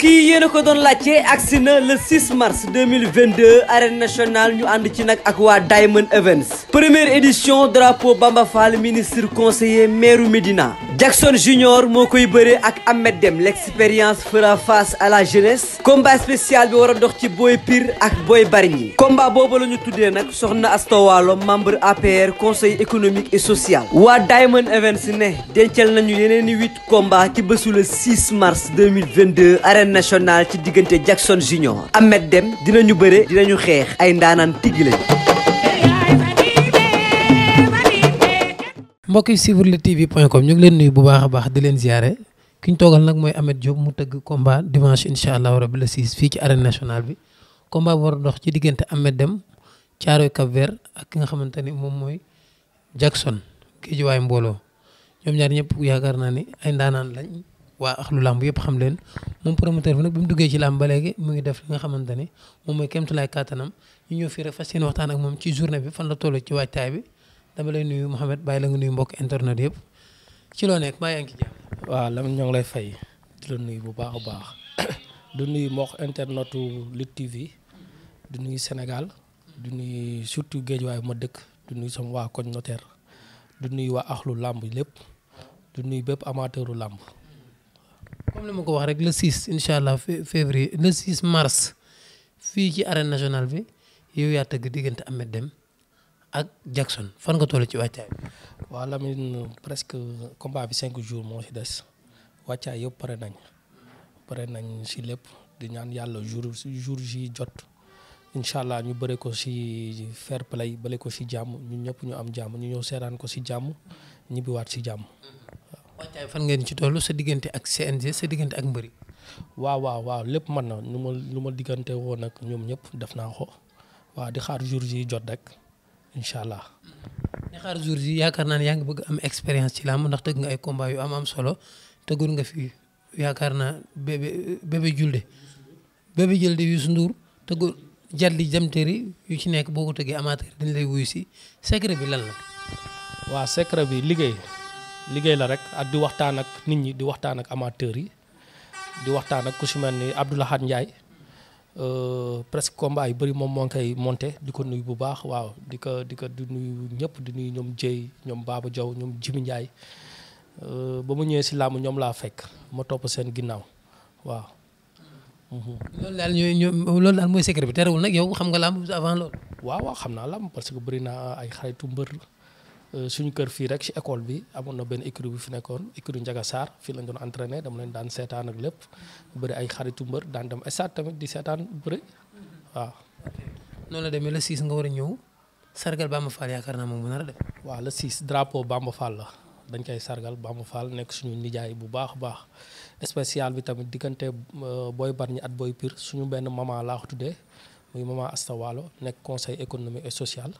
kii yi yéen a ko doon laajte agsi na le 6 mars 2022 arène nationale ñu ànd ci nag ak waa Diamond Events première édition drapeau Bamba Fall ministre conseiller maire Médina Jackson Junior moo koy bëree ak Ahmed Dem l'expérience fera face à la jeunesse combat spécial bi war a dox ci Boy Pire ak booy bari Bargny combat boobu la ñu tuddee nag soxna Astowaalo membre APR conseil économique et social waa Diamond Events ne dencal nañu yeneen i huit combats ci bésu le 6 mars 2022 arène arène nationale ci diggante Jackson Junior Ahmed ñu dinañu bëre ñu xeex ay ndaanaan tigi lañu mbokk yi suivre luttetv.com ñu ngi leen nuyu bu baax a baax di leen ziare ki ñu nag mooy Ahmed Diop mu tëgg combat dimanche incha allah rabi le 6 fii ci arène nationale bi combat bu war a dox ci diggante Ahmed Deme Thiaroye Cap Vert ak ki nga xamante ni moom mooy Jackson Guédiawaye mbooloo ñoom ñaar ñëpp yaakaar naa ni ay ndaanaan lañ. waa axlu làmb yëpp xam leen moom promoteur bi nag bi mu duggee ci làmb ba léegi mu ngi def li nga xamante ni moom mooy kéemtulaay kàttanam ñu ñëw fii rek fas yéene waxtaan ak moom ci journée bi fan la toll ci waajtaay bi dama lay nuyu Mouhamed bàyyi la nga nuyu mbokk internet yëpp ci loo nekk bàyyi yaa ngi ci jàmm. waaw Lamine ñoo ngi lay fay di nuy bu baax a baax du nuy mbokk internetu Lutte TV di nuyu Sénégal du nuy surtout Géejawaay ma dëkk du nuy sama waa koñ nuyu waa axlu làmb lépp di bépp amateuru làmb. comme li ma ko wax rek le 6 incha allah février le 6 mars fii ci arène national bi yow yaa tëgg diggante Ahmed dem ak Jackson fan nga toll ci wàccaay bi. presque combat bi cinq jours moo si des wàccaay yëpp pare nañ pare nañ si lépp di ñaan yàlla jour jour ji jot. incha allah ñu bëre ko si fair play bëre ko si jàmm ñun ñëpp ñu am jàmm ñu ñëw seeraan ko ci jàmm ñibbiwaat si jàmm wàccaay fan ngeen ci toll sa diggante ak CNG sa diggante ak mbëri waaw waaw waaw lépp man na lu ma nu ma diggante woon ak ñoom ñëpp def naa ko waaw di xaar jour yi jot rek incha allah. di xaar jour yi yaakaar naa ne yaa ngi bëgg am expérience ci làmb ndax tëgg nga ay combat yu am am solo tëggoon nga fi yaakaar naa bébé bébé julde bébé julde Youssou Ndour tëggoon di jamteeri yu ci nekk boo ko tëggee amateur dañ lay wuy si secret bi lan la. waa secret bi liggéey. liggéey la rek ak di waxtaan ak nit ñi di waxtaan ak amateurs yi di waxtaan ak ku si mel ni Abdou Lahad Ndiaye euh, presque combat yu bëri moom moo koy monté di ko nuyu bu baax waaw di ko di ko di nuyu ñëpp di nuyu ñoom Dieye ñoom Baba jow ñoom Jimi njaay euh, ba mu ñëwee si làmb ñoom laa fekk ma topp seen ginnaaw waaw. Mhm. loolu daal ñooy ñoom loolu daal mooy secret bi terewul nag yow xam nga laam avant loolu. naa làmb parce que bari naa ay xaritu mbër. Euh, suñu kër fii rek ci école bi amoon na benn écurie bu fi nekkoon écurie Ndiaga saar fii lañ doon entraîné dama leen daan seetaan ak lépp bëri ay xaritu mbër daan dem stade tamit di seetaan bëri waaw. noonu la demee le 6 nga war a ñëw sargal Bamba Fall yaakaar naa moom mu nar a def. waaw le 6 la dañ koy sargal Bamba Fall nekk suñu nijaay bu baax a baax spécial bi tamit diggante euh, booy bar at booy pir suñu benn maman laa ko tuddee muy maman Asta Walo nekk conseil économique et sociale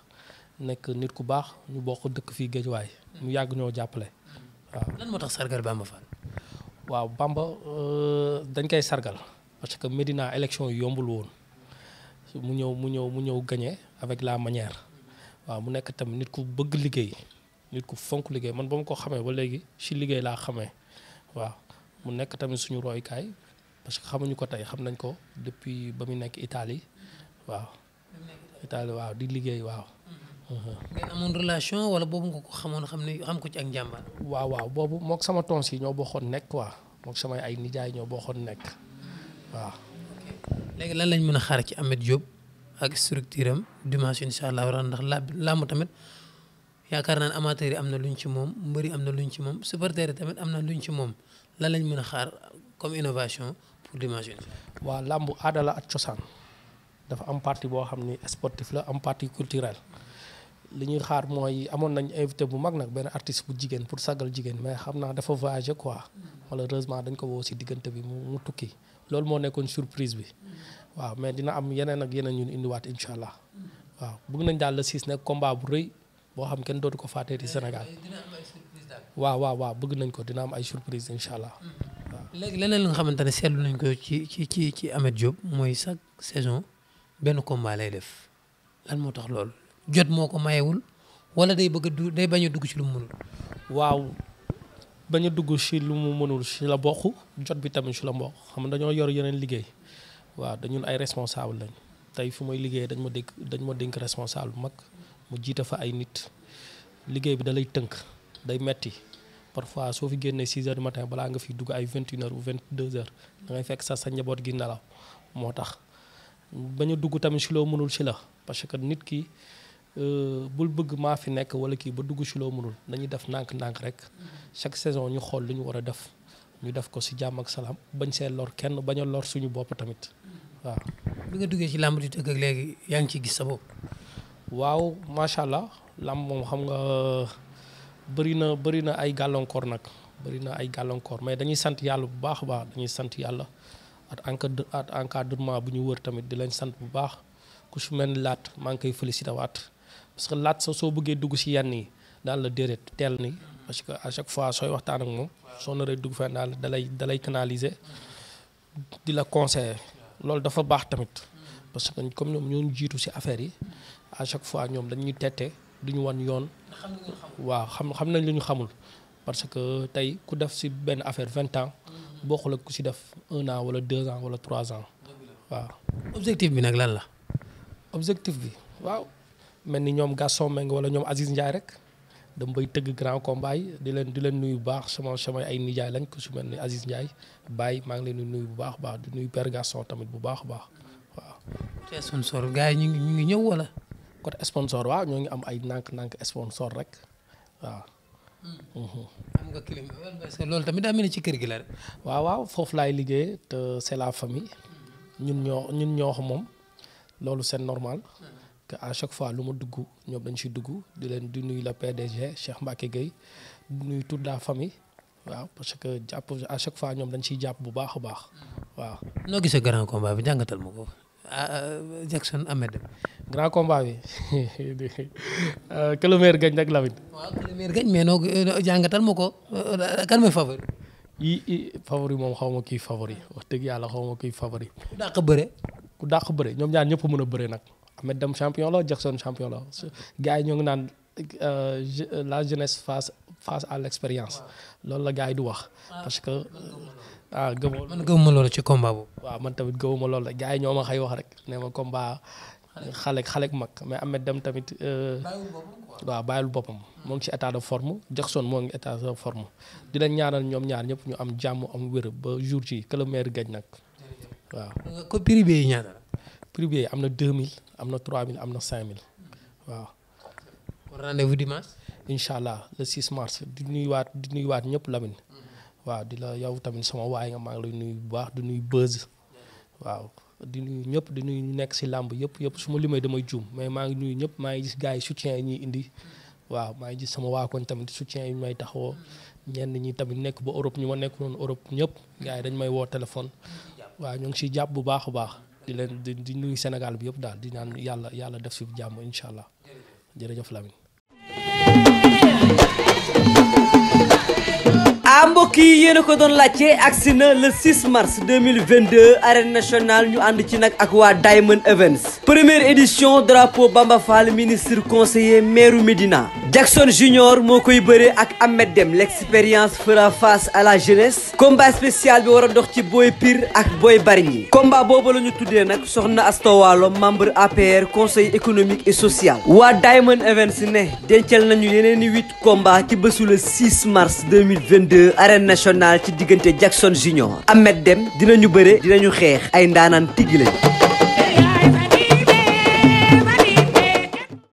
nekk nit ku baax ñu bokk dëkk fii Géejawaay mu yàgg ñoo jàppale waaw. lan moo tax Bamba Fall. Euh, dañ koy sargal parce que Medina élection yombul woon mu ñëw mu ñëw mu ñëw gagné avec la manière waaw mu nekk tamit nit ku bëgg liggéey nit ku fonk liggéey man ba ma ko xamee ba léegi si liggéey laa xamee waaw mu nekk tamit suñu royukaay parce que xamuñu ko tey xam nañ ko depuis ba mu nekk Italie waaw. Italie waaw di liggéey waaw. Mm-hmm. ngeen amoon relation wala boobu nga ko xam ne xam ko ci ak njàmbaar. waaw boobu mook sama tons ñoo bokkoon nekk quoi mook sama ay nijaay ñoo bokkoon nekk waaw. léegi lan lañ mën a xaar ci Ameth Diop ak structure am dimanche incha allah war ndax làmb tamit yaakaar naa ne amateur yi am na luñ ci moom mbër am na luñ ci moom supporter yi tamit am na luñ ci moom lan lañ mën a xaar comme innovation pour dimanche. waa làmb aadala ak cosaan dafa am partie boo xam ni sportif la am partie culturelle. li ñuy xaar mooy amoon nañ invité bu mag nag benn artiste bu jigéen pour sagal jigéen mais xam naa dafa voyagé quoi malheureusement dañ ko woo si diggante bi mu tukki loolu moo nekkoon surprise bi waaw mais dina am yeneen ak yeneen ñun indiwaat incha allah waaw bëgg nañ daal la siis nekk bu rëy boo xam kenn dootu ko fàttee ci Sénégal waaw waaw waaw bëgg nañ ko dina am ay surprise incha allah. Mm-hmm. leneen li nga xamante ne seetlu nañ ko ci ci ci ci Ameth Diop mooy chaque saison benn combat lay def lan moo tax loolu. jot moo ko mayewul wala day bëgg du day bañ dugg ci lu mu mënul. waaw bañ a dugg ci lu mu mënul ci la bokk jot bi tamit ci la xam dañoo yor yeneen liggéey waaw dañun ay responsable lañ tey fu may liggéey dañ ma dénk dañ ma dénk responsable bu mag mu jiite ay nit liggéey bi da lay tënk day metti parfois soo fi génnee 6 matin balaa nga fi dugg ay 21 heures ou 22 heures da ngay fekk sa sa njaboot gi nelaw moo tax bañ dugg tamit ci loo mënul ci la parce nit ki. Euh, bul bëgg maa fi nekk wala kii ba dugg ci loo mënul nañu def ndànk-ndànk rek chaque saison ñu xool lu ñu war a def ñu def ko ci jàmm ak salaam bañ see lor kenn bañ a lor suñu bopp tamit waaw. bi duggee ci làmb léegi yaa ngi ciy gis sa bopp. macha allah làmb moom xam nga bëri na bëri na ay gàllankoor nag bëri na ay gàllankoor mais dañuy sant yàlla bu baax a baax dañuy sant yàlla at encadre at encadrement bu ñu wër tamit di lañ sant bu baax ku su mel laat maa ngi koy félicité waat. parce que laat sa soo bëggee dugg si yenn yi daal la déedéet teel ni parce que à chaque fois sooy waxtaan ak moom soo naree dugg fenn daal dalay dalay canaliser di la conseiller loolu dafa baax tamit parce que comme ñoom ñoo jiitu si affaire yi à chaque fois ñoom dañuy tette duñu ñu wan yoon. waaw xam xam nañ lu ñu xamul. parce que tey ku def si benn affaire vingt ans bokkul ak ku si def un an wala deux ans wala trois ans waaw. objectif bi nag lan la. objectif bi mel ni ñoom Gaston Mbengue wala ñoom Aziz Ndiaye rek dama bay tëgg grand combat di leen di leen nuyu bu baax sama sama ay nijaay lañ ko su mel ni Aziz Ndiaye Baye maa ngi leen di nuyu bu baax baax di nuyu per Gaston tamit bu baax baax waaw. te sponsor gars yi ñu ngi ñu ngi ñëw wala. côté sponsor waaw ñoo ngi am ay nànk-nànk sponsor rek waaw. Hmm. Mhm. am nga clim loolu tamit daa mel ci kër gi la waaw waaw foofu laay liggéey te c'est la famille. Hmm. ñun ñoo ñun ñoo xam moom loolu seen normal. Hmm. que à chaque fois lu ma dugg ñoom dañ si dugg di leen di nuyu la PDG Cheikh Mbacke Gueye di nuyu toute la famille waaw parce que jàpp à chaque fois ñoom dañ siy jàpp bu baax a baax waaw. noo gisee grand combat bi jàngatal ma ko. Ah, ah, Jackson Ahmed. Euh, nag Lamine. waaw que le meilleur euh, noo jàngatal ma ko euh, kan mooy favori. i i favori moom xaw ma kii favori wax dëgg yàlla xaw ma kii favori. ku dàq bëre. ku dàq bëre ñoom ñaar ñëpp mën a bëre nag. Ahmed Deme champion la Jackson champion la gars yi ñoo ngi euh, euh, la jeunesse face face à l' la gars yi du wax. Ah. parce que ah gëmoo. man gëmuma loolu ci combat boobu. waaw man tamit gëmuma loolu la gars yi ñoo ma xëy wax rek nee ma combat xale xaleek mag mais Ahmed dem tamit. Euh, waaw bàyyil boppam. moo ngi ci état de forme Jackson moo ngi état de forme dina ñaanal ñoom ñaar ñëpp ñu am jàmm am wér ba jour ci que le maire nag waaw. privé am na 2000 am na 3000 am na 5000 waaw. rendez-vous dimanche. incha allah le 6 mars di nuyuwaat di nuyuwaat ñëpp Lamine. Mm-hmm. waaw di la yow tamit sama waay maa ngi lay nuyu bu baax du nuyu buzz. waaw di nuy ñëpp di nuyu ñu nekk si làmb yëpp yëpp su ma limee damay juum mais maa ngi nuyu ñëpp maa ngi gis gars yi soutien yi ñuy indi. Mm-hmm. waaw maa ngi gis sama waa koñ tamit soutien yi may taxawoo. Mm-hmm. ñenn ñi tamit nekk ba Europe ñu ma nekk noonu Europe ñëpp gars yi dañ may woo téléphone. waaw ñu ngi siy jàpp bu di leen di di nuyu bi yëpp daal di naan yàlla yàlla def si jàmm incha allah jërëjëf Lamine. ah mbokk yi yéen a ko doon laajte agsi na le 6 mars 2022 arène nationale ñu ànd ci nag ak waa Diamond Events première édition drapeau Bamba ministre conseiller maire Médina. Jackson Junior moo koy bëree ak Ahmed Dem l'expérience fera face à la jeunesse combat spécial bi war a dox ci booy Pire ak booy bari Bargny combat boobu la ñu tuddee nag soxna Astowaalo membre APR conseil économique et social waa Diamond Events ne dencal nañu yeneen i huit combats ci bésu le 6 mars 2022 arène nationale ci diggante Jackson Junior Ahmed Dem dinañu dina ñu xeex ay ndaanaan tigi